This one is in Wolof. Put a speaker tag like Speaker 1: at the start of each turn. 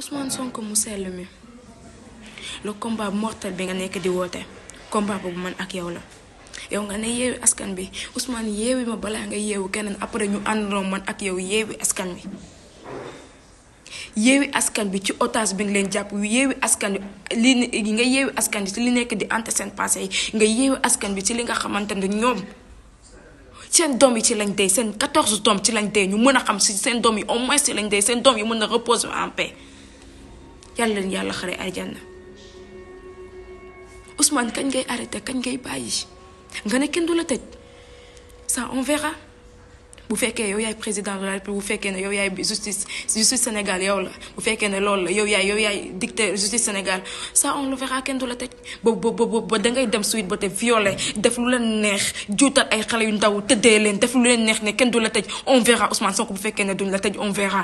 Speaker 1: Ousmane Sonko mu sell mi le combat mortel bi nga nekk di woote combat boobu man ak yow la yow nga ne yeewi askan bi Ousmane yeewi ma balaa nga yeewu keneen après ñu àndandoo man ak yow yeewi askan wi. yeewi askan bi ci otage bi nga leen jàpp yeewi askan bi li nga yeewi askan bi ci li nekk di ante seen passé yi nga yeewi askan bi ci li nga xamante ne ñoom seen doom yi ci lañ dee seen 14 doom ci lañ dee ñu mën a xam si seen doom yi au moins ci lañ dee seen doom yi mën a reposer en yàlla leen yàlla xare aljanna Ousmane kañ ngay arrêté kañ ngay bàyyi nga ne kenn du la tëj ça on verra bu fekkee yow yaay président de la république bu fekkee ne yow yaay justice justice Sénégal yow la bu fekkee ne loolu la yow yaay yow yaay dicté justice Sénégal ça on le verra kenn du la tëj ba ba ba ngay dem suite ba te violé def lu leen neex juutal ay xale yu ndaw tëddee leen def lu leen neex ne kenn du la tëj on verra Ousmane Sonko bu fekkee ne duñ la tëj on verra.